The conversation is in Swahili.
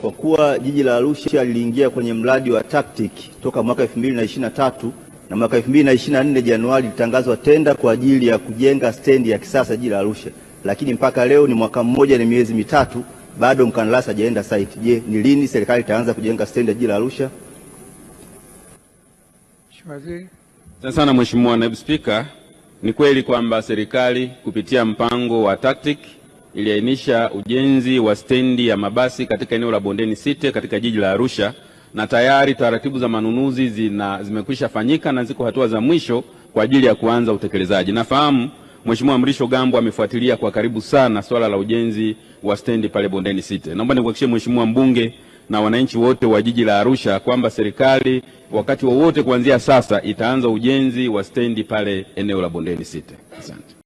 Kwa kuwa jiji la Arusha liliingia kwenye mradi wa TACTIC toka mwaka 2023 na mwaka 2024 Januari litangazwa tenda kwa ajili ya kujenga stendi ya kisasa jiji la Arusha, lakini mpaka leo ni mwaka mmoja na miezi mitatu bado mkandarasi hajaenda site. Je, ni lini serikali itaanza kujenga stendi ya jiji la Arusha? Asante sana Mheshimiwa Naibu Spika, ni kweli kwamba serikali kupitia mpango wa TACTIC iliainisha ujenzi wa stendi ya mabasi katika eneo la Bondeni City katika jiji la Arusha na tayari taratibu za manunuzi zina zimekwisha fanyika na ziko hatua za mwisho kwa ajili ya kuanza utekelezaji. Nafahamu Mheshimiwa Mrisho Gambo amefuatilia kwa karibu sana swala la ujenzi wa stendi pale Bondeni City. Naomba nikuhakikishie Mheshimiwa mbunge na wananchi wote wa jiji la Arusha kwamba serikali wakati wowote kuanzia sasa itaanza ujenzi wa stendi pale eneo la Bondeni City. Asante.